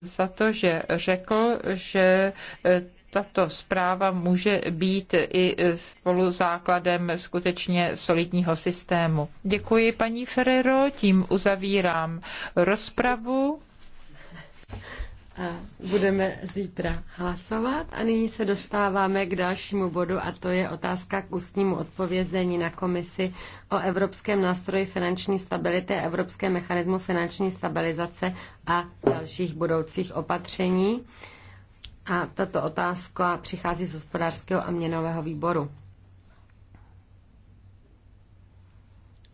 za to, že řekl, že e, tato zpráva může být i spolu základem skutečně solidního systému. Děkuji paní Ferrero, tím uzavírám rozpravu budeme zítra hlasovat a nyní se dostáváme k dalšímu bodu a to je otázka k ústnímu odpovězení na komisi o Evropském nástroji finanční stability, Evropském mechanismu finanční stabilizace a dalších budoucích opatření. A tato otázka přichází z hospodářského a měnového výboru.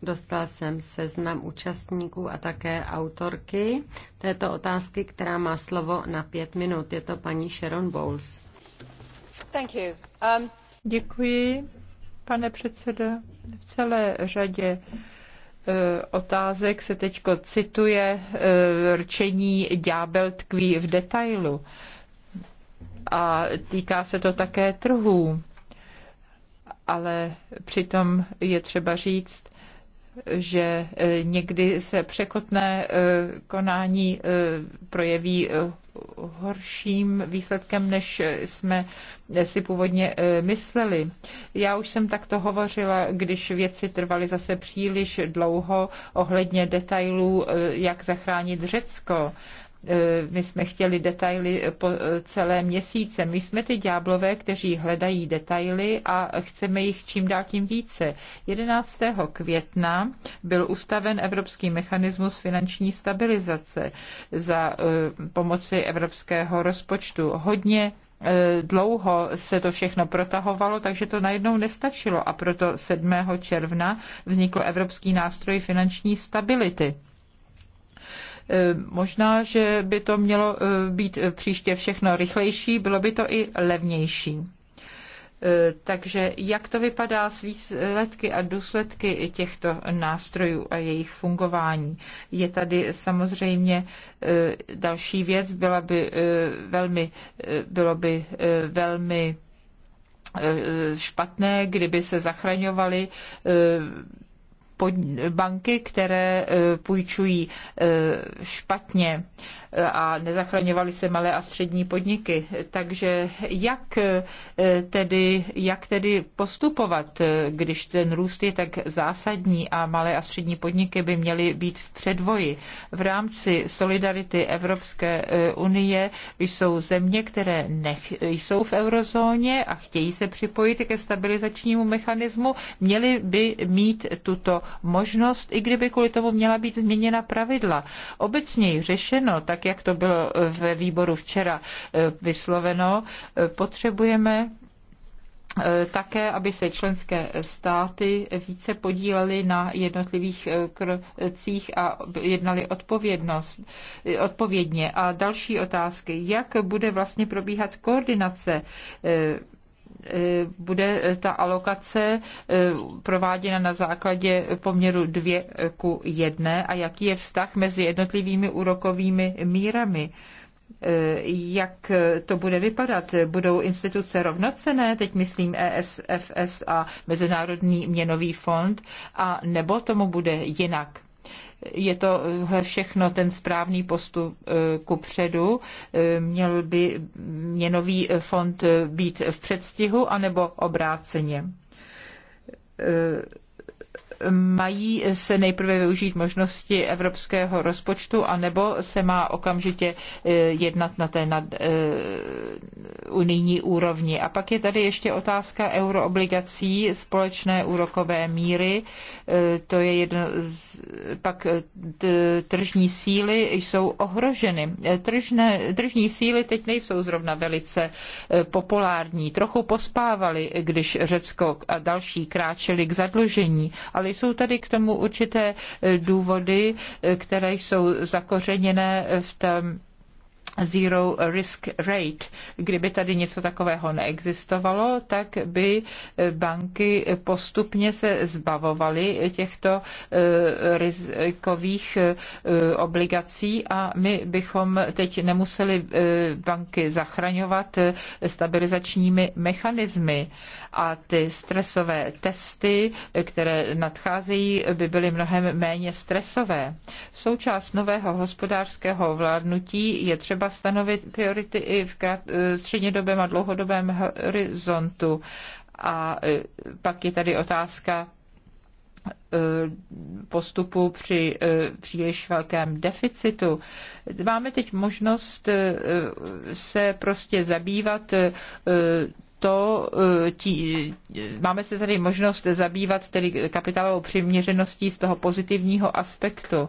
Dostal jsem seznam účastníků a také autorky této otázky, která má slovo na pět minut. Je to paní Sharon Bowles. Thank you. Um... Děkuji, pane předsedo. V celé řadě eh, otázek se teď cituje eh, rčení ďábel tkví v detailu. A týká se to také trhů. Ale přitom je třeba říct, že e, někdy se překotné e, konání e, projeví horším výsledkem, než jsme si původně mysleli. Já už jsem takto hovořila, když věci trvaly zase příliš dlouho ohledně detailů, jak zachránit Řecko. Eh, my jsme chtěli detaily eh, po eh, celé měsíce. My jsme ty ďáblové, kteří hledají detaily a chceme jich čím dál tím více. 11. května byl ustaven Evropský mechanismus finanční stabilizace za pomoci evropského rozpočtu. Hodně dlouho se to všechno protahovalo, takže to najednou nestačilo a proto 7. června vznikl Evropský nástroj finanční stability. Eh, možná, že by to mělo eh, být eh, příště všechno rychlejší, bylo by to i levnější. Takže jak to vypadá s výsledky a důsledky těchto nástrojů a jejich fungování? Je tady samozřejmě další věc, byla by velmi, bylo by velmi špatné, kdyby se zachraňovaly banky, které eh, půjčují eh, špatně a nezachraňovaly se malé a střední podniky. Takže jak eh, tedy, jak tedy postupovat, eh, když ten růst je tak zásadní a malé a střední podniky by měly být v předvoji? V rámci solidarity Evropské eh, unie jsou země, které nech, jsou v eurozóně a chtějí se připojit ke stabilizačnímu mechanismu, měly by mít tuto možnost, i kdyby kvůli tomu měla být změněna pravidla. Obecněji řešeno, tak jak to bylo ve výboru včera eh, vysloveno, eh, potřebujeme eh, také, aby se členské státy více podílely na jednotlivých krocích a jednali odpovědnost, odpovědně. A další otázky, jak bude vlastně probíhat koordinace bude ta alokace eh, prováděna na základě poměru 2 ku 1 a jaký je vztah mezi jednotlivými úrokovými mírami eh, jak to bude vypadat. Budou instituce rovnocené, teď myslím ESFS a Mezinárodní měnový fond, a nebo tomu bude jinak? je tohle eh, všechno ten správný postup eh, ku předu? Eh, měl by měnový fond být v předstihu anebo obráceně? mají se nejprve využít možnosti evropského rozpočtu, anebo se má okamžitě eh, jednat na té nad, uh, unijní úrovni. A pak je tady ještě otázka euroobligací, společné úrokové míry. Uh, to je jedno z, pak tržní síly jsou ohroženy. Tržné, tržní síly teď nejsou zrovna velice populární. Trochu pospávali, když Řecko a další kráčeli k zadlužení, ale ale jsou tady k tomu určité eh, důvody, eh, které jsou zakořeněné v tom zero risk rate. Kdyby tady něco takového neexistovalo, tak by eh, banky postupně se zbavovaly těchto eh, rizikových eh, obligací a my bychom teď nemuseli banky zachraňovat stabilizačními mechanismy. A ty stresové testy, které nadcházejí, by byly mnohem méně stresové. Součást nového hospodářského vládnutí je třeba třeba stanovit priority i v krát, e, střednědobém a dlouhodobém horizontu. A e, pak je tady otázka e, postupu při příliš velkém deficitu. Máme teď možnost se prostě zabývat to, tí, máme se tady možnost zabývat tedy kapitálovou přiměřeností z toho pozitivního aspektu.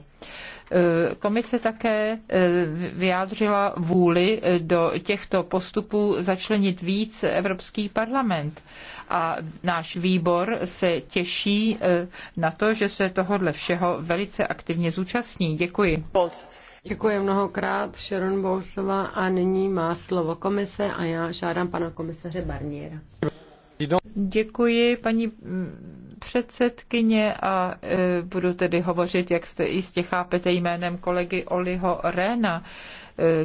Eh, komise také eh, vyjádřila vůli eh, do těchto postupů začlenit víc Evropský parlament a náš výbor se těší na to, že se tohodle všeho velice aktivně zúčastní. Děkuji. Děkuji mnohokrát Sharon Bousova. a nyní má slovo komise a já žádám pana komisaře Barniera. Děkuji paní předsedkyně a e, budu tedy hovořit, jak jste jistě chápete, jménem kolegy Oliho Réna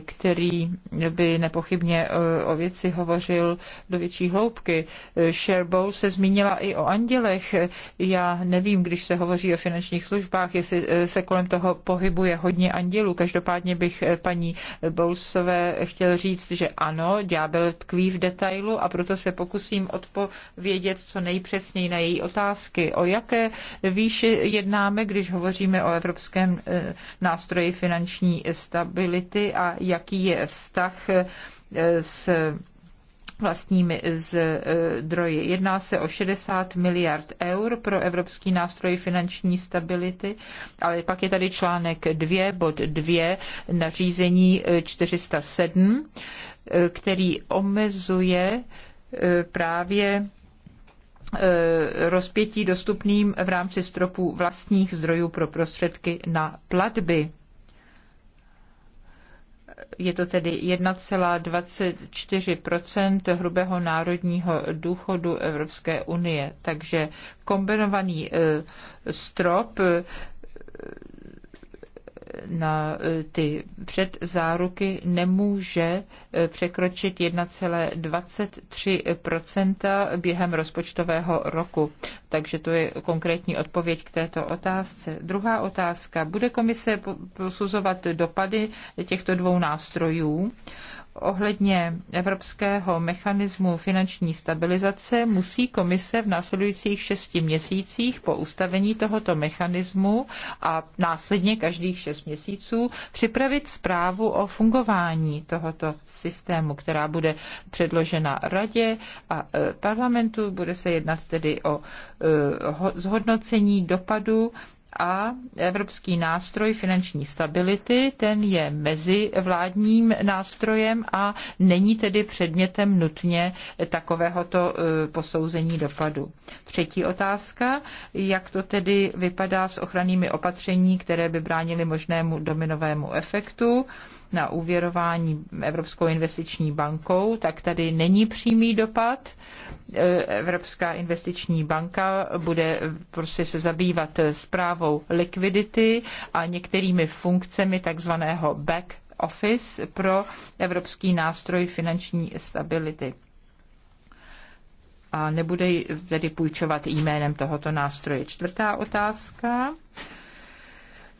který by nepochybně eh, o věci hovořil do větší hloubky. Sherbow se zmínila i o andělech. Já nevím, když se hovoří o finančních službách, jestli eh, se kolem toho pohybuje hodně andělů. Každopádně bych eh, paní Bowlesové chtěl říct, že ano, ďábel tkví v detailu a proto se pokusím odpovědět co nejpřesněji na její otázky. O jaké výši jednáme, když hovoříme o evropském nástroji finanční stability a jaký je vztah eh, s vlastními zdroji. Eh, Jedná se o 60 miliard eur pro Evropský nástroj finanční stability, ale pak je tady článek 2, bod 2 nařízení 407, eh, který omezuje právě rozpětí dostupným v rámci stropu vlastních zdrojů pro prostředky na platby je to tedy 1,24 hrubého národního důchodu Evropské unie. Takže kombinovaný eh, strop eh, na eh, ty předzáruky nemůže eh, překročit 1,23 během rozpočtového roku. Takže to je konkrétní odpověď k této otázce. Druhá otázka. Bude komise posuzovat dopady těchto dvou nástrojů? ohledně evropského mechanismu finanční stabilizace musí komise v následujících šesti měsících po ustavení tohoto mechanismu a následně každých šest měsíců připravit zprávu o fungování tohoto systému, která bude předložena radě a e, parlamentu. Bude se jednat tedy o e, zhodnocení dopadu a Evropský nástroj finanční stability, ten je mezi vládním nástrojem a není tedy předmětem nutně takovéhoto e, posouzení dopadu. Třetí otázka, jak to tedy vypadá s ochrannými opatření, které by bránily možnému dominovému efektu na úvěrování Evropskou investiční bankou, tak tady není přímý dopad. E, Evropská investiční banka bude prostě se zabývat zprávou likvidity a některými funkcemi takzvaného back office pro Evropský nástroj finanční stability a nebude tedy půjčovat jménem tohoto nástroje. Čtvrtá otázka.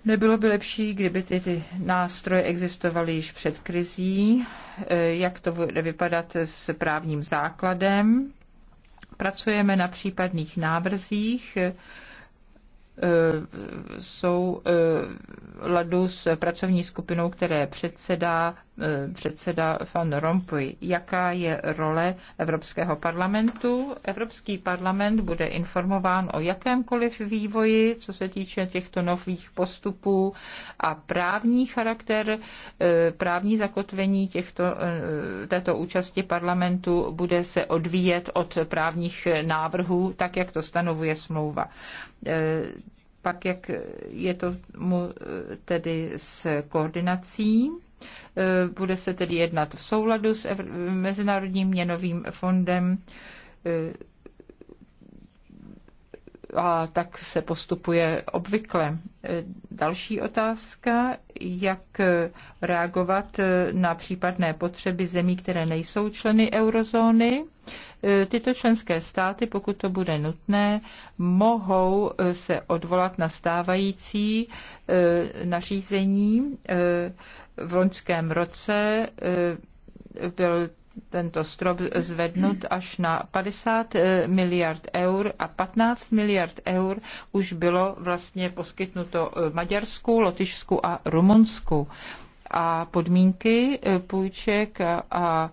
Nebylo by lepší, kdyby ty, ty nástroje existovaly již před krizí, e, jak to bude vypadat s právním základem. Pracujeme na případných návrzích, e, jsou e, ladu s pracovní skupinou, které předsedá Eh, předseda Van Rompuy. Jaká je role Evropského parlamentu? Evropský parlament bude informován o jakémkoliv vývoji, co se týče těchto nových postupů a právní charakter, eh, právní zakotvení těchto, eh, této účasti parlamentu bude se odvíjet od právních návrhů, tak jak to stanovuje smlouva pak jak je to mu tedy s koordinací Eh, bude se tedy jednat v souladu s Mezinárodním měnovým fondem eh, a tak se postupuje obvykle. Eh, další otázka, jak reagovat na případné potřeby zemí, které nejsou členy eurozóny. Tyto členské státy, pokud to bude nutné, mohou se odvolat na stávající nařízení v loňském roce eh, byl tento strop zvednut až na 50 eh, miliard eur a 15 miliard eur už bylo vlastně poskytnuto eh, Maďarsku, Lotyšsku a Rumunsku. A podmínky půjček a, a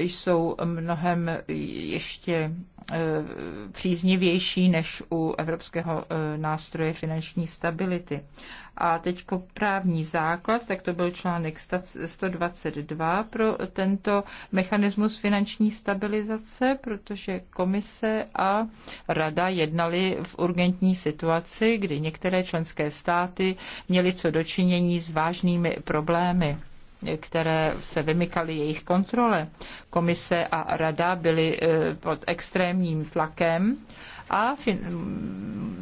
jsou mnohem ještě Eh, příznivější než u Evropského eh, nástroje finanční stability. A teď jako právní základ, tak to byl článek 122 pro tento mechanismus finanční stabilizace, protože komise a rada jednali v urgentní situaci, kdy některé členské státy měly co dočinění s vážnými problémy které se vymykaly jejich kontrole. Komise a rada byly eh, pod extrémním tlakem a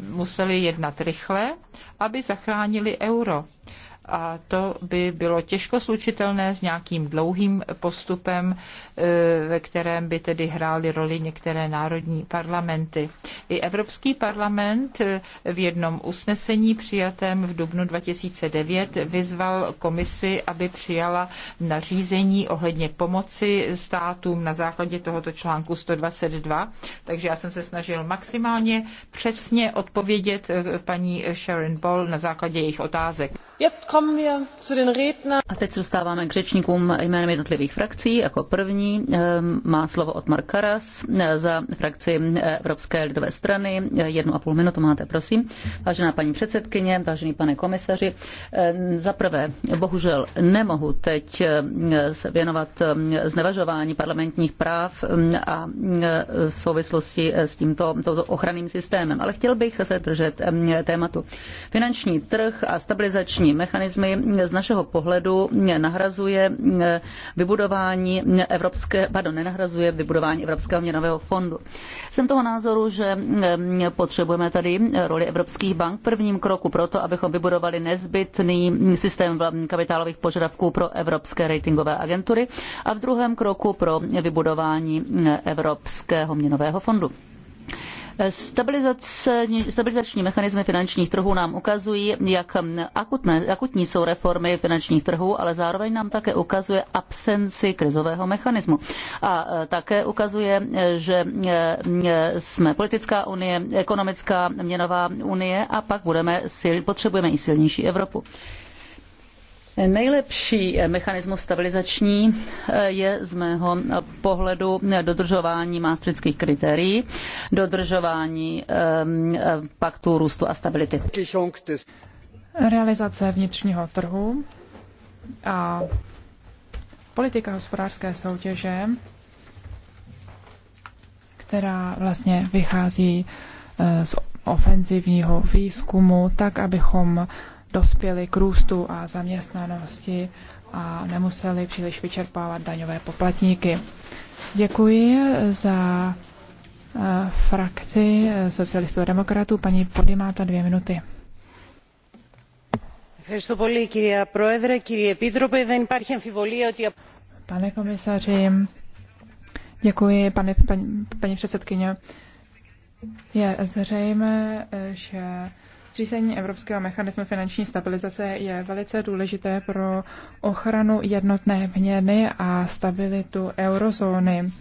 museli jednat rychle, aby zachránili euro a to by bylo těžko slučitelné s nějakým dlouhým postupem, e, ve kterém by tedy hrály roli některé národní parlamenty. I Evropský parlament e, v jednom usnesení přijatém v dubnu 2009 vyzval komisi, aby přijala nařízení ohledně pomoci státům na základě tohoto článku 122. Takže já jsem se snažil maximálně přesně odpovědět e, paní Sharon Ball na základě jejich otázek. A teď se dostáváme k řečníkům jménem jednotlivých frakcí. Jako první ehm, má slovo Otmar Karas eh, za frakci eh, Evropské lidové strany. Eh, jednu a půl minutu máte, prosím. Vážená paní předsedkyně, vážený pane komisaři, ehm, Zaprvé bohužel nemohu teď se věnovat ehm, znevažování parlamentních práv a v souvislosti s tímto ochranným systémem, ale chtěl bych se držet tématu. Finanční trh a stabilizační kontrolní mechanismy z našeho pohledu nahrazuje vybudování evropské, pardon, nenahrazuje vybudování Evropského měnového fondu. Jsem toho názoru, že potřebujeme tady roli evropských bank v prvním kroku proto, abychom vybudovali nezbytný systém kapitálových požadavků pro evropské ratingové agentury a v druhém kroku pro vybudování Evropského měnového fondu. Stabilizační mechanismy finančních trhů nám ukazují, jak akutné, akutní jsou reformy finančních trhů, ale zároveň nám také ukazuje absenci krizového mechanismu. A e, také ukazuje, e, že e, jsme politická unie, ekonomická měnová unie a pak budeme sil, potřebujeme i silnější Evropu. Nejlepší mechanismus stabilizační eh, je z mého pohledu dodržování maastrichtských kritérií, dodržování ehm, eh, paktu růstu a stability. Realizace vnitřního trhu a politika hospodářské soutěže, která vlastně vychází eh, z ofenzivního výzkumu, tak abychom dospěli k růstu a zaměstnanosti a nemuseli příliš vyčerpávat daňové poplatníky. Děkuji za eh, frakci eh, socialistů a demokratů. Paní Podimáta, dvě minuty. Pane komisaři, děkuji, pane, paní, paní předsedkyně. Je zřejmé, eh, že Zřízení Evropského mechanismu finanční stabilizace je velice důležité pro ochranu jednotné měny a stabilitu eurozóny.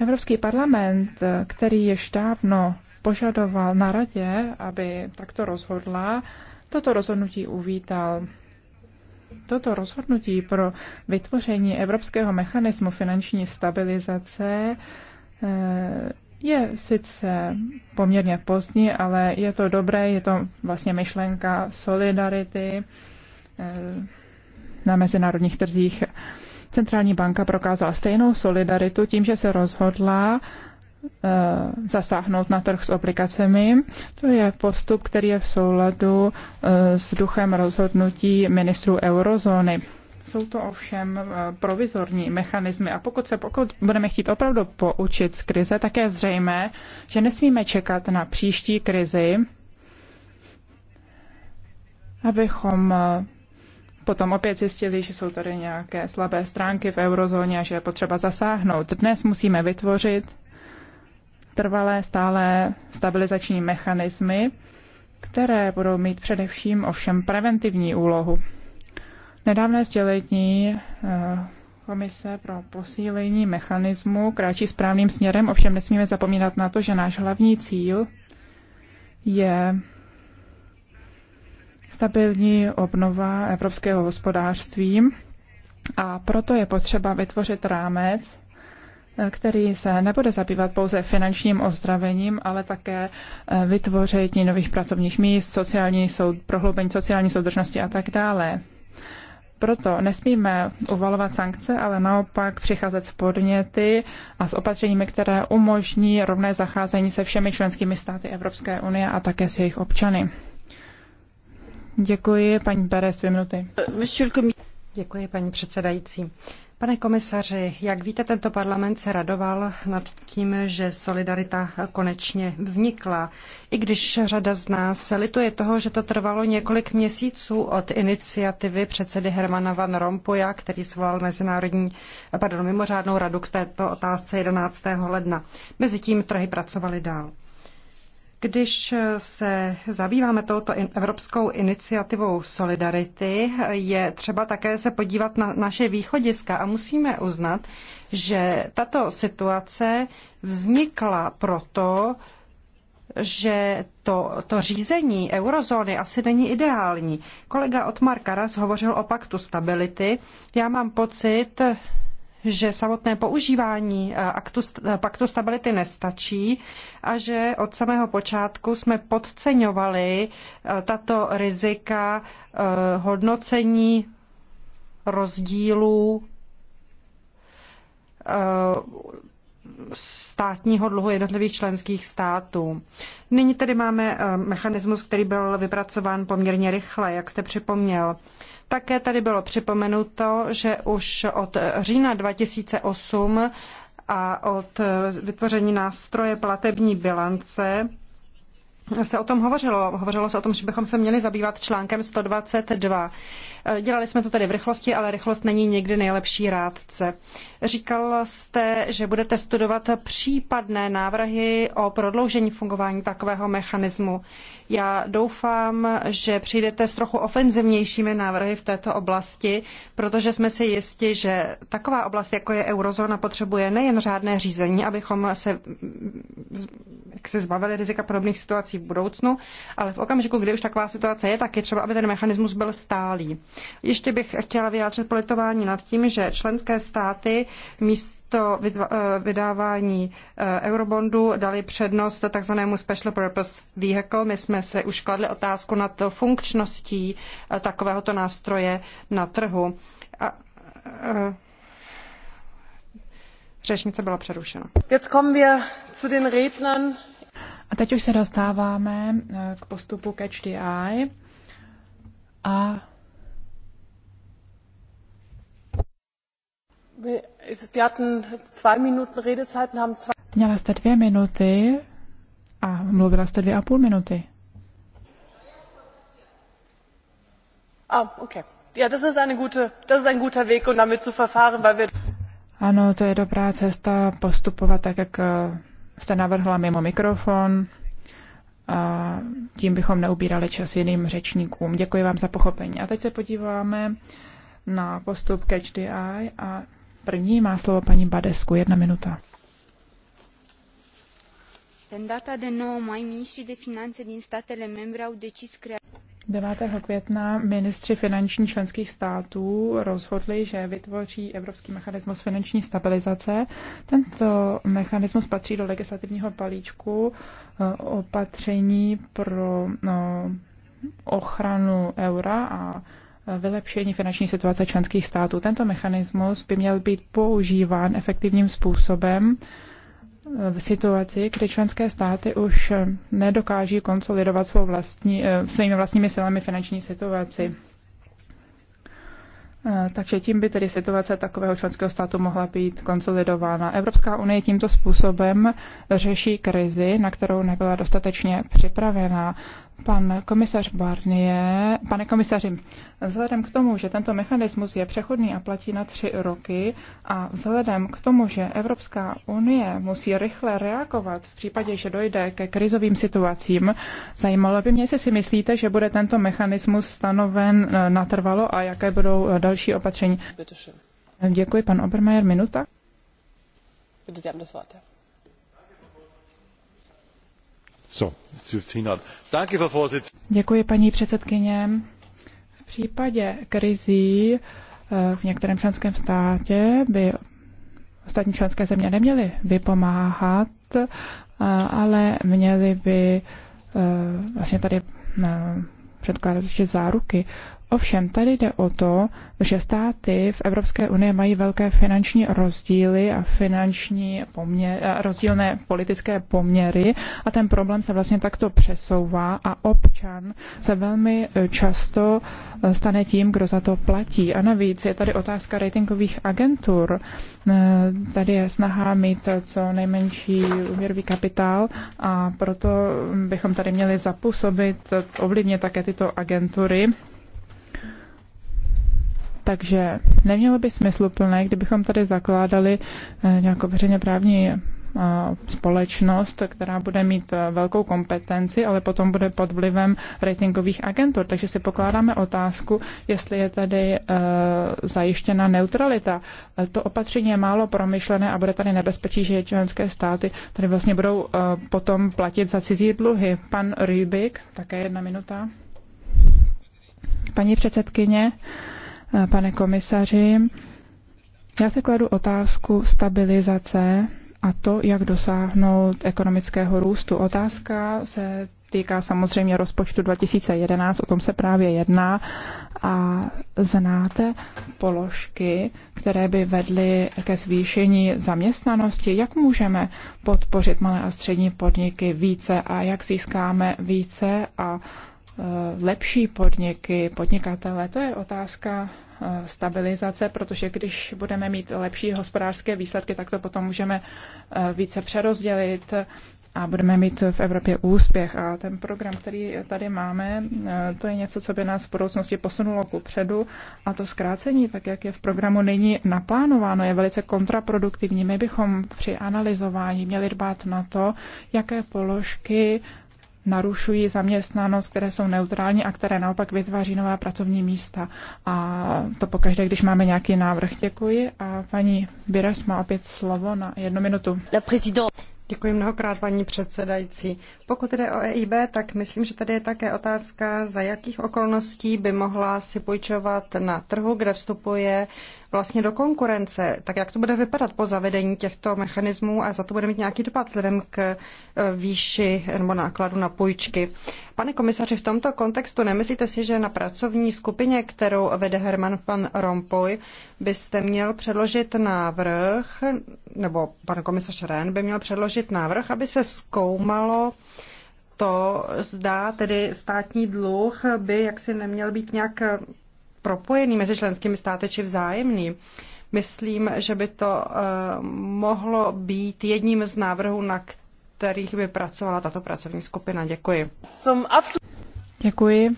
Evropský parlament, který již dávno požadoval na radě, aby takto rozhodla, toto rozhodnutí uvítal. Toto rozhodnutí pro vytvoření Evropského mechanismu finanční stabilizace eh, je sice poměrně pozdní, ale je to dobré, je to vlastně myšlenka solidarity eh, na mezinárodních trzích. Centrální banka prokázala stejnou solidaritu tím, že se rozhodla eh, zasáhnout na trh s obligacemi. To je postup, který je v souladu eh, s duchem rozhodnutí ministrů eurozóny. Jsou to ovšem eh, provizorní mechanismy a pokud se pokud budeme chtít opravdu poučit z krize, tak je zřejmé, že nesmíme čekat na příští krizi, abychom eh, potom opět zjistili, že jsou tady nějaké slabé stránky v eurozóně a že je potřeba zasáhnout. Dnes musíme vytvořit trvalé, stále stabilizační mechanismy, které budou mít především ovšem preventivní úlohu. Nedávné sdělení eh, Komise pro posílení mechanismu kráčí správným směrem, ovšem nesmíme zapomínat na to, že náš hlavní cíl je stabilní obnova evropského hospodářství a proto je potřeba vytvořit rámec, eh, který se nebude zabývat pouze finančním ozdravením, ale také eh, vytvoření nových pracovních míst, sociální soud, prohloubení sociální soudržnosti a tak dále. Proto nesmíme uvalovat sankce, ale naopak přicházet s podněty a s opatřeními, které umožní rovné zacházení se všemi členskými státy Evropské unie a také s jejich občany. Děkuji, paní Pérez, dvě minuty. Děkuji, paní předsedající. Pane komisaři, jak víte, tento parlament se radoval nad tím, že solidarita konečně vznikla. I když řada z nás lituje toho, že to trvalo několik měsíců od iniciativy předsedy Hermana Van Rompuya, který svolal mezinárodní, pardon, mimořádnou radu k této otázce 11. ledna. Mezitím trhy pracovaly dál. Když se zabýváme touto evropskou iniciativou Solidarity, je třeba také se podívat na naše východiska a musíme uznat, že tato situace vznikla proto, že to, to řízení eurozóny asi není ideální. Kolega Otmar Karas hovořil o paktu stability. Já mám pocit, že samotné používání eh, aktu, eh, paktu stability nestačí a že od samého počátku jsme podceňovali eh, tato rizika hodnocení rozdílů státního dluhu jednotlivých členských států. Nyní tedy máme eh, mechanismus, který byl vypracován poměrně rychle, jak jste připomněl. Také tady bylo připomenuto, že už od eh, října 2008 a od eh, vytvoření nástroje platební bilance se o tom hovořilo. Hovořilo se o tom, že bychom se měli zabývat článkem 122. Eh, dělali jsme to tedy v rychlosti, ale rychlost není někdy nejlepší rádce. Říkal jste, že budete studovat případné návrhy o prodloužení fungování takového mechanismu. Já doufám, že přijdete s trochu ofenzivnějšími návrhy v této oblasti, protože jsme si jisti, že taková oblast, jako je eurozóna, potřebuje nejen řádné řízení, abychom se, jak se zbavili rizika podobných situací v budoucnu, ale v okamžiku, kdy už taková situace je, tak je třeba, aby ten mechanismus byl stálý. Ještě bych chtěla vyjádřit politování nad tím, že členské státy míst to eh, vydávání eh, eurobondů dali přednost takzvanému special purpose vehicle. My jsme se už kladli otázku nad funkčností eh, takovéhoto nástroje na trhu. A, a, řečnice byla přerušena. Jetzt kommen wir zu den Rednern. A teď už se dostáváme k postupu Catch the Eye. A Měla jste dvě minuty a mluvila jste dvě a půl minuty. Ah, um ano, to je dobrá cesta postupovat tak, jak eh, jste navrhla mimo mikrofon. A tím bychom neubírali čas jiným řečníkům. Děkuji vám za pochopení. A teď se podíváme na postup Catch the Eye a První má slovo paní Badesku, jedna minuta. Devátého května ministři finanční členských států rozhodli, že vytvoří Evropský mechanismus finanční stabilizace. Tento mechanismus patří do legislativního balíčku eh, opatření pro no, ochranu eura a vylepšení finanční situace členských států. Tento mechanismus by měl být používán efektivním způsobem v situaci, kdy členské státy už nedokáží konsolidovat svou vlastní, eh, svými vlastními silami finanční situaci. Eh, takže tím by tedy situace takového členského státu mohla být konsolidována. Evropská unie tímto způsobem řeší krizi, na kterou nebyla dostatečně připravená. Pan komisař Barnier, pane komisaři, vzhledem k tomu, že tento mechanismus je přechodný a platí na tři roky a vzhledem k tomu, že Evropská unie musí rychle reagovat v případě, že dojde ke krizovým situacím, zajímalo by mě, jestli si myslíte, že bude tento mechanismus stanoven eh, natrvalo a jaké budou eh, další opatření. Děkuji, pan Obermeier, minuta. Bitte, Sie haben das Wort. Děkuji, paní předsedkyně. V případě krizí eh, v některém členském státě by ostatní členské země neměly vypomáhat, eh, ale měly by eh, vlastně tady předkládat ještě záruky. Ovšem, tady jde o to, že státy v Evropské unii mají velké finanční rozdíly a finanční poměr, rozdílné politické poměry a ten problém se vlastně takto přesouvá a občan se velmi e, často e, stane tím, kdo za to platí. A navíc je tady otázka ratingových agentur. E, tady je snaha mít co nejmenší úvěrový kapitál a proto bychom tady měli zapůsobit ovlivně také tyto agentury takže nemělo by smysluplné, kdybychom tady zakládali eh, nějakou veřejně právní eh, společnost, která bude mít eh, velkou kompetenci, ale potom bude pod vlivem ratingových agentur. Takže si pokládáme otázku, jestli je tady zajištěna neutralita. To opatření je málo promyšlené a bude tady nebezpečí, že členské státy tady vlastně budou potom platit za cizí dluhy. Pan Rybik, také jedna minuta. Paní předsedkyně, uh, Eh, pane komisaři. Já si kladu otázku stabilizace a to, jak dosáhnout ekonomického růstu. Otázka se týká samozřejmě rozpočtu 2011, o tom se právě jedná. A znáte položky, které by vedly ke zvýšení zaměstnanosti? Jak můžeme podpořit malé a střední podniky více a jak získáme více a Eh, lepší podniky, podnikatele. To je otázka eh, stabilizace, protože když budeme mít lepší hospodářské výsledky, tak to potom můžeme eh, více přerozdělit a budeme mít v Evropě úspěch. A ten program, který tady máme, to je něco, co by nás v budoucnosti posunulo ku předu. A to zkrácení, tak jak je v programu nyní naplánováno, je velice kontraproduktivní. My bychom při analyzování měli dbát na to, jaké položky narušují zaměstnanost, které jsou neutrální a které naopak vytváří nová pracovní místa. A to pokaždé, když máme nějaký návrh. Děkuji. A paní Bires má opět slovo na jednu minutu. Děkuji mnohokrát, paní předsedající. Pokud jde o EIB, tak myslím, že tady je také otázka, za jakých okolností by mohla si půjčovat na trhu, kde vstupuje vlastně do konkurence. Tak jak to bude vypadat po zavedení těchto mechanismů a za to bude mít nějaký dopad vzhledem k eh, výši nebo nákladu na půjčky. Pane komisaři, v tomto kontextu nemyslíte si, že na pracovní skupině, kterou vede Herman van Rompuy, byste měl předložit návrh, nebo pan komisař Ren, by měl předložit návrh, aby se zkoumalo, to, zda tedy státní dluh by jaksi neměl být nějak propojený mezi členskými státy či vzájemný. Myslím, že by to eh, mohlo být jedním z návrhů, na kterých by pracovala tato pracovní skupina. Děkuji. Děkuji.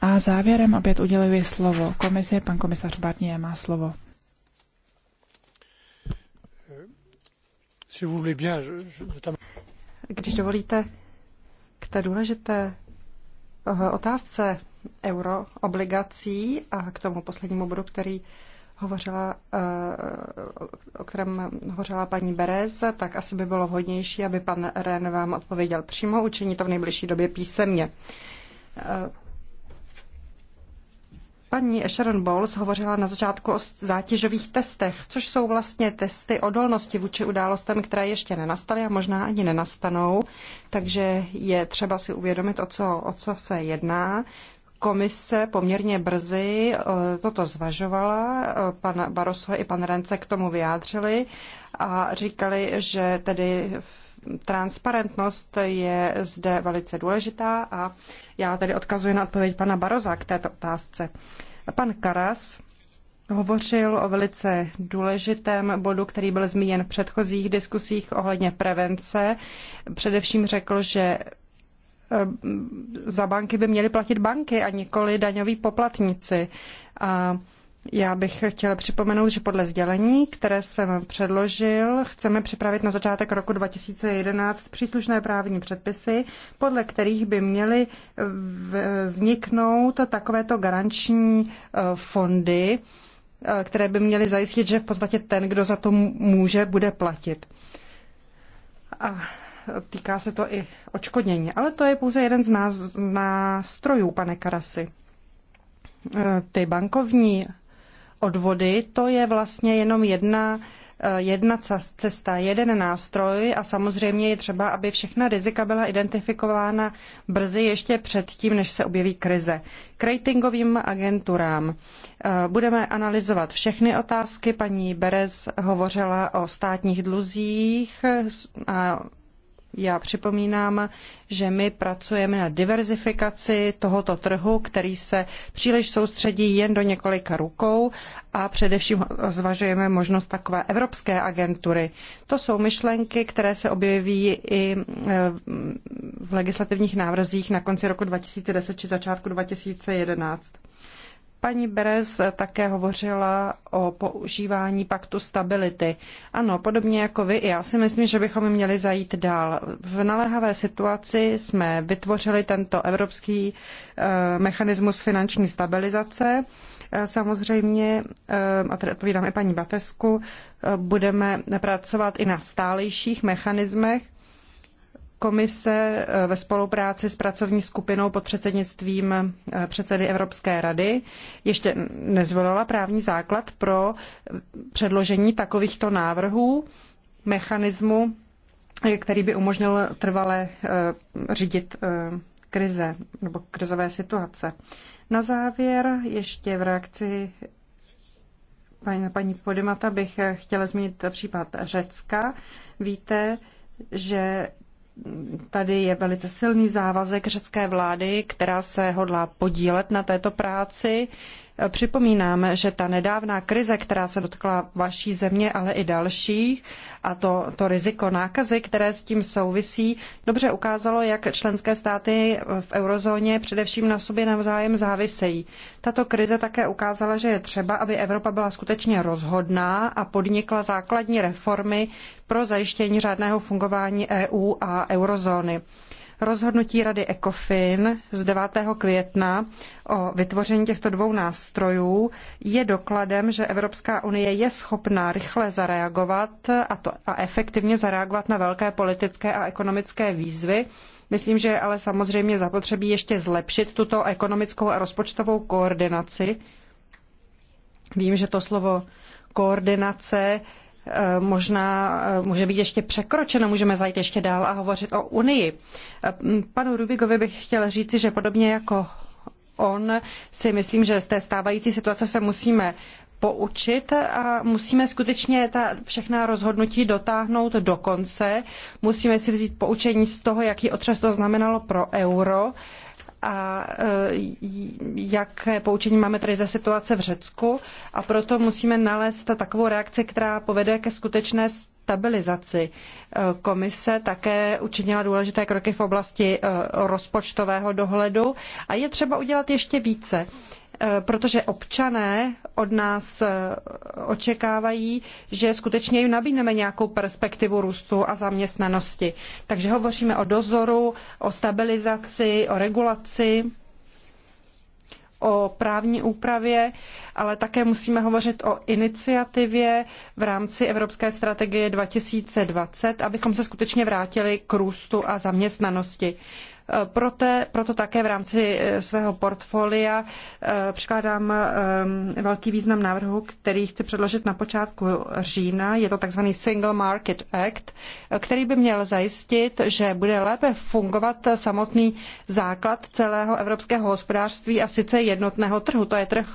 A závěrem opět uděluji slovo komisi. Pan komisař Barnier má slovo. Když dovolíte, k té důležité eh, otázce euroobligací a k tomu poslednímu bodu, který hovořila, eh, o kterém hovořila paní Berez, tak asi by bylo vhodnější, aby pan Ren vám odpověděl přímo, učiní to v nejbližší době písemně. Eh, paní Sharon Bowles hovořila na začátku o zátěžových testech, což jsou vlastně testy odolnosti vůči událostem, které ještě nenastaly a možná ani nenastanou. Takže je třeba si uvědomit, o co, o co se jedná. Komise poměrně brzy eh, toto zvažovala, eh, pan Barroso i pan Rence k tomu vyjádřili a říkali, že tedy transparentnost je zde velice důležitá a já tedy odkazuji na odpověď pana Baroza k této otázce. Pan Karas hovořil o velice důležitém bodu, který byl zmíněn v předchozích diskusích ohledně prevence. Především řekl, že za banky by měly platit banky a nikoli daňoví poplatníci. A já bych chtěla připomenout, že podle sdělení, které jsem předložil, chceme připravit na začátek roku 2011 příslušné právní předpisy, podle kterých by měly vzniknout takovéto garanční eh, fondy, eh, které by měly zajistit, že v podstatě ten, kdo za to může, bude platit. A týká se to i očkodnění. Ale to je pouze jeden z nástrojů, pane Karasy, e, Ty bankovní odvody, to je vlastně jenom jedna e, jedna cesta, jeden nástroj a samozřejmě je třeba, aby všechna rizika byla identifikována brzy ještě předtím, než se objeví krize. K ratingovým agenturám e, budeme analyzovat všechny otázky. Paní Berez hovořila o státních dluzích a já připomínám, že my pracujeme na diverzifikaci tohoto trhu, který se příliš soustředí jen do několika rukou a především zvažujeme možnost takové evropské agentury. To jsou myšlenky, které se objeví i e, v legislativních návrzích na konci roku 2010 či začátku 2011. Paní Beres také hovořila o používání paktu stability. Ano, podobně jako vy, já si myslím, že bychom měli zajít dál. V naléhavé situaci jsme vytvořili tento evropský eh, mechanismus finanční stabilizace. Eh, samozřejmě, eh, a tady odpovídáme paní Batesku, budeme pracovat i na stálejších mechanismech, komise eh, ve spolupráci s pracovní skupinou pod předsednictvím eh, předsedy Evropské rady ještě nezvolila právní základ pro předložení takovýchto návrhů mechanismu, eh, který by umožnil trvale řídit krize nebo krizové situace. Na závěr ještě v reakci paní, paní Podimata bych chtěla zmínit případ Řecka. Víte, že tady je velice silný závazek řecké vlády, která se hodlá podílet na této práci. Připomínám, že ta nedávná krize, která se dotkla vaší země, ale i další, a to, to riziko nákazy, které s tím souvisí, dobře ukázalo, jak členské státy v eurozóně především na sobě navzájem závisejí. Tato krize také ukázala, že je třeba, aby Evropa byla skutečně rozhodná a podnikla základní reformy pro zajištění řádného fungování EU a eurozóny rozhodnutí Rady ECOFIN z 9. května o vytvoření těchto dvou nástrojů je dokladem, že Evropská unie je schopná rychle zareagovat a, to, a efektivně zareagovat na velké politické a ekonomické výzvy. Myslím, že je ale samozřejmě zapotřebí ještě zlepšit tuto ekonomickou a rozpočtovou koordinaci. Vím, že to slovo koordinace Eh, možná eh, může být ještě překročeno, můžeme zajít ještě dál a hovořit o Unii. Eh, panu Rubigovi bych chtěla říci, že podobně jako on si myslím, že z té stávající situace se musíme poučit a musíme skutečně ta všechna rozhodnutí dotáhnout do konce. Musíme si vzít poučení z toho, jaký otřes to znamenalo pro euro a e, jaké poučení máme tady ze situace v Řecku a proto musíme nalézt takovou reakci, která povede ke skutečné stabilizaci. E, Komise také učinila důležité kroky v oblasti e, rozpočtového dohledu a je třeba udělat ještě více e, protože občané od nás očekávají, že skutečně jim nabídneme nějakou perspektivu růstu a zaměstnanosti. Takže hovoříme o dozoru, o stabilizaci, o regulaci o právní úpravě, ale také musíme hovořit o iniciativě v rámci Evropské strategie 2020, abychom se skutečně vrátili k růstu a zaměstnanosti. Proto, proto také v rámci eh, svého portfolia eh, přikládám eh, velký význam návrhu, který chci předložit na počátku října. Je to tzv. Single Market Act, který by měl zajistit, že bude lépe fungovat samotný základ celého evropského hospodářství a sice jednotného trhu. To je trh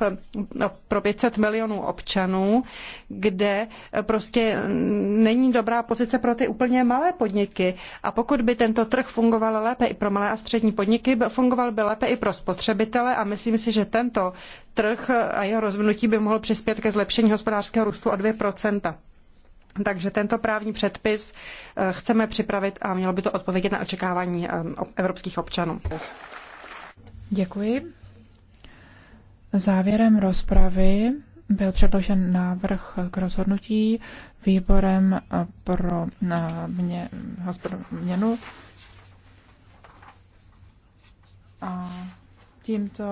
pro 500 milionů občanů, kde prostě není dobrá pozice pro ty úplně malé podniky. A pokud by tento trh fungoval lépe i pro malé malé a střední podniky, fungoval by lépe i pro spotřebitele a myslím si, že tento trh a jeho rozvinutí by mohl přispět ke zlepšení hospodářského růstu o 2%. Takže tento právní předpis eh, chceme připravit a mělo by to odpovědět na očekávání eh, evropských občanů. Děkuji. Závěrem rozpravy byl předložen návrh k rozhodnutí výborem eh, pro mě, měnu a tímto